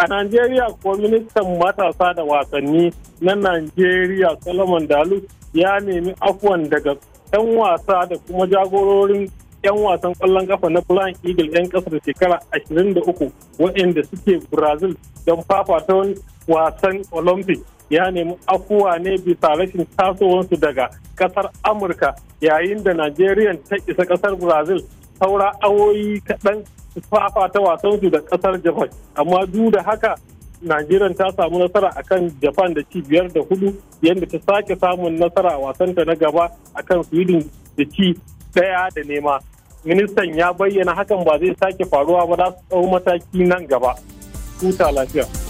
a Najeriya ko ministan matasa da wasanni na Najeriya Solomon Dalu ya nemi afuwan daga 'yan wasa da kuma jagororin 'yan wasan kwallon kafa na Flying Eagle 'yan kasar shekara 23 waɗanda suke Brazil don fafata wasan Olympic ya nemi afuwa ne bisa rashin tasowansu daga kasar Amurka yayin da Najeriya ta isa kasar Brazil saura awoyi kaɗan ta wasansu da ƙasar japan amma duk da haka Najeriya ta samu nasara akan Japan da ci biyar da hudu yadda ta sake samun nasara a wasanta na gaba akan Sweden da ci ɗaya da nema. Ministan ya bayyana hakan ba zai sake faruwa ba za su mataki nan gaba. Huta lafiya.